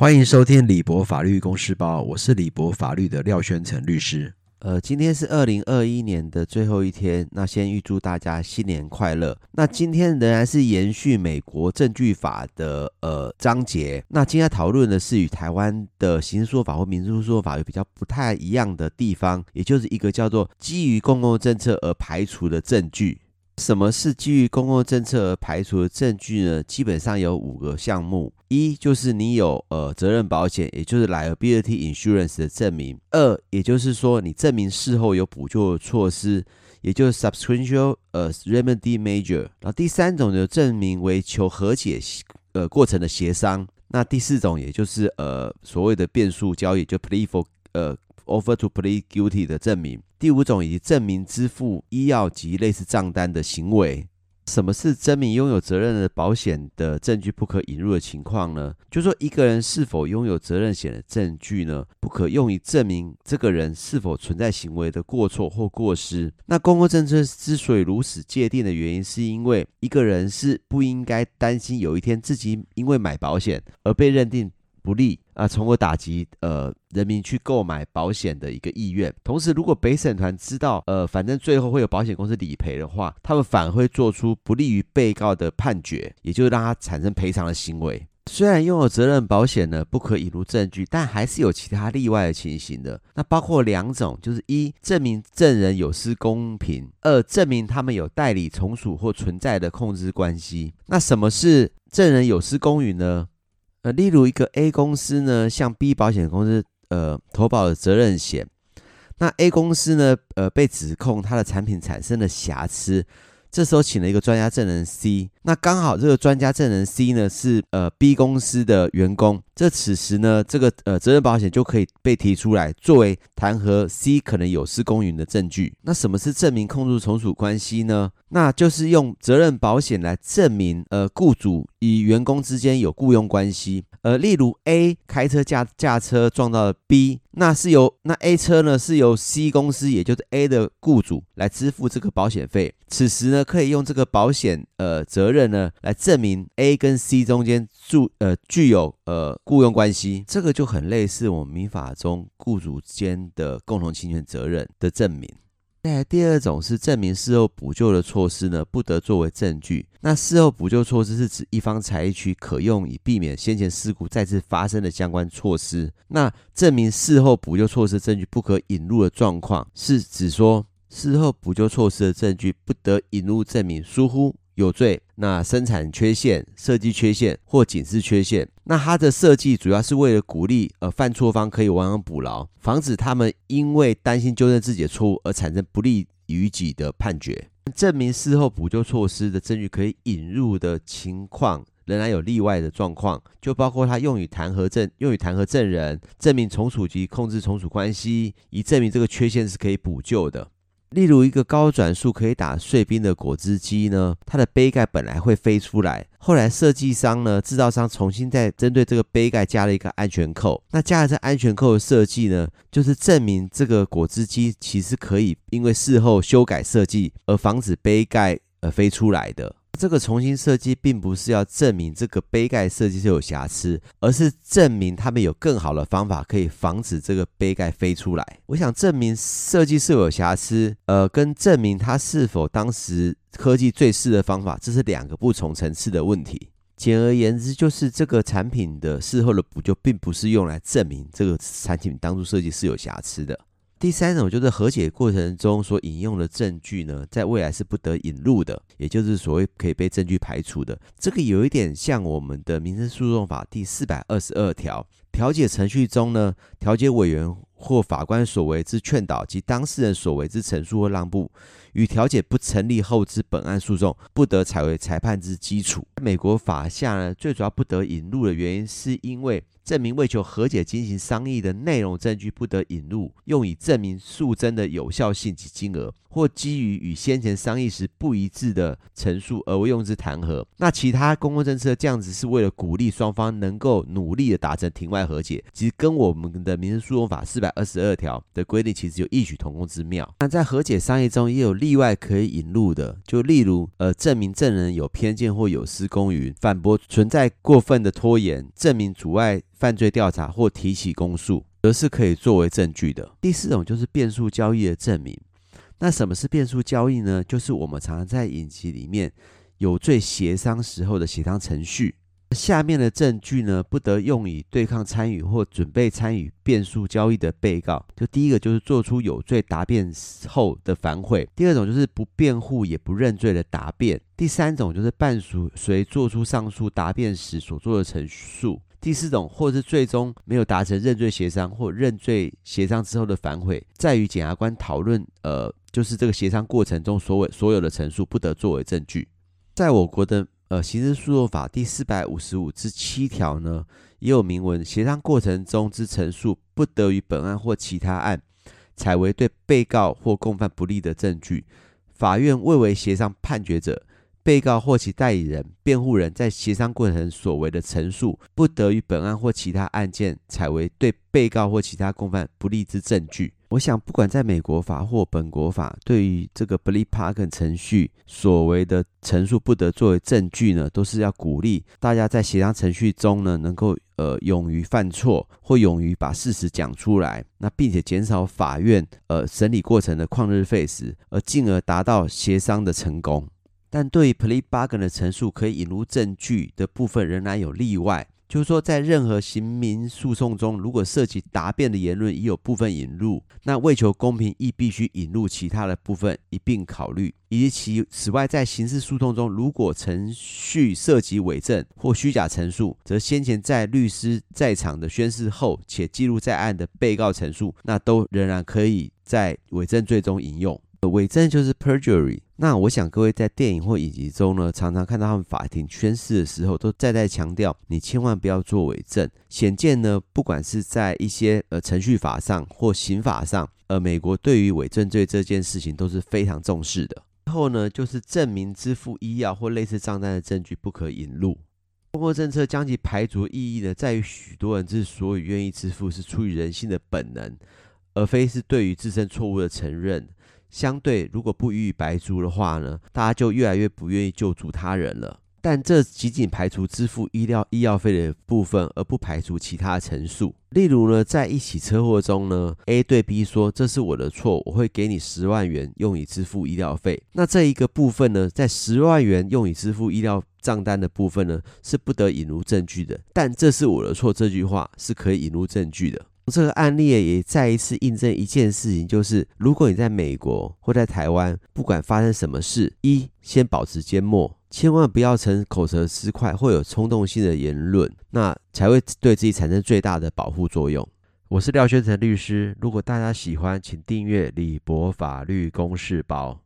歡迎收聽李博法律公事包，我是李博法律的廖宣成律師。呃，今天是二零二一年的最後一天，那先預祝大家新年快樂。那今天仍然是延續美國證據法的呃章節，那今天討論的是與台灣的刑事訴訟法或民事訴訟法有比較不太一樣的地方，也就是一個叫做基於公共政策而排除的證據。什麼是基於公共政策而排除的證據呢？基本上有五個項目：一就是你有呃責任保險，也就是 liability insurance 的證明；二也就是說你證明事後有補救的措施，也就是 substantial 呃 remedy major。然後第三種就證明為求和解，呃過程的協商。那第四種也就是呃所謂的辯訴交易，就 plea for 呃 offer to plead guilty 的證明。第五種，以及證明支付醫藥及類似賬單的行為，什麼是證明擁有責任的保險的證據不可引入的情況呢？就是說一個人是否擁有責任險的證據呢，不可用於證明這個人是否存在行為的過錯或過失。那公共政策之所以如此界定的原因，是因為一個人是不應該擔心有一天自己因為買保險而被認定不利。啊、呃，從而打擊呃人民去購買保險的一個意願。同時，如果陪審團知道呃，反正最後會有保險公司理賠的話，他們反而會做出不利於被告的判決，也就是讓他產生賠償的行為。雖然擁有責任保險呢，不可引入證據，但還是有其他例外的情形的。那包括兩種，就是一證明證人有失公平，二證明他們有代理從屬或存在的控制關係。那什麼是證人有失公允呢？例如，一個 A 公司呢，向 B 保險公司呃投保了責任險。那 A 公司呢，呃被指控他的產品產生了瑕疵，這時候請了一個專家證人 C。那剛好這個專家證人 C 呢是呃 B 公司的員工。這此時呢，這個呃責任保險就可以被提出來作為彈劾 C 可能有失公允的證據。那什麼是證明控制從屬關係呢？那就是用責任保險來證明呃僱主。與員工之間有僱傭關係，呃，例如 A 開車駕駕車撞到了 B，那是由那 A 車呢是由 C 公司，也就是 A 的僱主來支付這個保險費。此時呢，可以用這個保險呃責任呢來證明 A 跟 C 中間具呃具有呃僱傭關係，這個就很類似我們民法中僱主間的共同侵權責任的證明。第二種是證明事後補救的措施呢，不得作為證據。那事後補救措施是指一方採取可用以避免先前事故再次發生的相關措施。那證明事後補救措施證據不可引入的狀況，是指說事後補救措施的證據不得引入證明疏忽。有罪，那生產缺陷、設計缺陷或警示缺陷，那它的設計主要是為了鼓勵呃犯錯方可以亡羊補牢，防止他們因為擔心糾正自己的錯誤而產生不利於己的判決。證明事後補救措施的證據可以引入的情況，仍然有例外的狀況，就包括它用於彈劾證用於彈劾證人，證明從屬及控制從屬關係，以證明這個缺陷是可以補救的。例如一個高轉速可以打碎冰的果汁機呢，它的杯蓋本來會飛出來，後來設計商呢、制造商重新再針對這個杯蓋加了一個安全扣。那加了這安全扣的設計呢，就是證明這個果汁機其實可以因為事後修改設計而防止杯蓋而飛出來的。這個重新設計並不是要證明這個杯蓋設計是有瑕疵，而是證明他們有更好的方法可以防止這個杯蓋飛出來。我想證明設計是有瑕疵，呃，跟證明它是否當時科技最適的方法，這是兩個不同層次的問題。簡而言之，就是這個產品的事後的補救，並不是用來證明這個產品當初設計是有瑕疵的。第三種就是和解過程中所引用的證據呢，在未來是不得引入的，也就是所謂可以被證據排除的。這個有一點像我們的《民事訴訟法》第四百二十二條，調解程序中呢，調解委員或法官所為之勸導及當事人所為之陳述或讓步，與調解不成立後之本案訴訟不得採為裁判之基礎。美國法下呢，最主要不得引入的原因是因為。證明為求和解進行商議的內容證據不得引入，用以證明訴爭的有效性及金額，或基於與先前商議時不一致的陳述而為用之彈劾。那其他公共政策這樣子是為了鼓勵雙方能夠努力的達成庭外和解，其實跟我們的民事訴訟法四百二十二條的規定其實有異曲同工之妙。那在和解商議中也有例外可以引入的，就例如呃證明證人有偏見或有失公允，反駁存在過分的拖延，證明阻礙犯罪調查或提起公訴，則是可以作為證據的。第四種就是辯訴交易的證明。那什麼是辯訴交易呢？就是我們常常在影集裡面有罪協商時候的協商程序。下面的證據呢，不得用以對抗參與或準備參與辯訴交易的被告。就第一個就是做出有罪答辯後的反悔；第二種就是不辯護也不認罪的答辯；第三種就是伴隨做出上述答辯時所做的陳述。第四種，或是最終沒有達成認罪協商，或認罪協商之後的反悔，在與檢察官討論，呃，就是這個協商過程中所為所有的陳述，不得作為證據。在我國的呃刑事訴訟法第四百五十五之七條呢，也有明文，協商過程中之陳述，不得於本案或其他案採為對被告或共犯不利的證據。法院未為協商判決者，被告或其代理人、辯護人在協商過程所為的陳述，不得於本案或其他案件採為對被告或其他共犯不利之證據。我想，不管在美國法或本國法，對於這個 plea bargain 程序所為的陳述不得作為證據呢，都是要鼓勵大家在協商程序中呢，能夠呃勇於犯錯，或勇於把事實講出來，那並且減少法院呃審理過程的曠日費時，而進而達到協商的成功。但對於 plea bargain 的陳述可以引入證據的部分，仍然有例外。就是說，在任何刑民訴訟中，如果涉及答辯的言論已有部分引入，那為求公平，亦必須引入其他的部分一併考慮。以及其此外，在刑事訴訟中，如果程序涉及偽證或虛假陳述，則先前在律師在場的宣誓後且記錄在案的被告陳述，那都仍然可以在偽證罪中引用。偽證就是 perjury。那我想各位在電影或影集中呢，常常看到他們法庭宣誓的時候，都再再強調，你千萬不要做偽證。顯見呢，不管是在一些呃程序法上或刑法上，呃，美國對於偽證罪這件事情都是非常重視的。最後呢，就是證明支付醫藥或類似賬單的證據不可引入。通過政策將其排除意義呢，在於許多人之所以願意支付，是出於人性的本能，而非是對於自身錯誤的承認。相對，如果不予以白租的話呢，大家就越來越不願意救助他人了。但這僅僅排除支付醫療醫藥費的部分，而不排除其他的陳述。例如呢，在一起車禍中呢，A 對 B 說：“這是我的錯，我會給你十萬元用以支付醫療費。”那這一個部分呢，在十萬元用以支付醫療賬單的部分呢，是不得引入證據的。但“這是我的錯”這句話是可以引入證據的。這個案例也再一次印證一件事情，就是如果你在美國或在台灣，不管發生什麼事，一先保持緘默，千萬不要逞口舌之快或有衝動性的言論，那才會對自己產生最大的保護作用。我是廖宣成律師，如果大家喜歡，請訂閱李博法律公事包。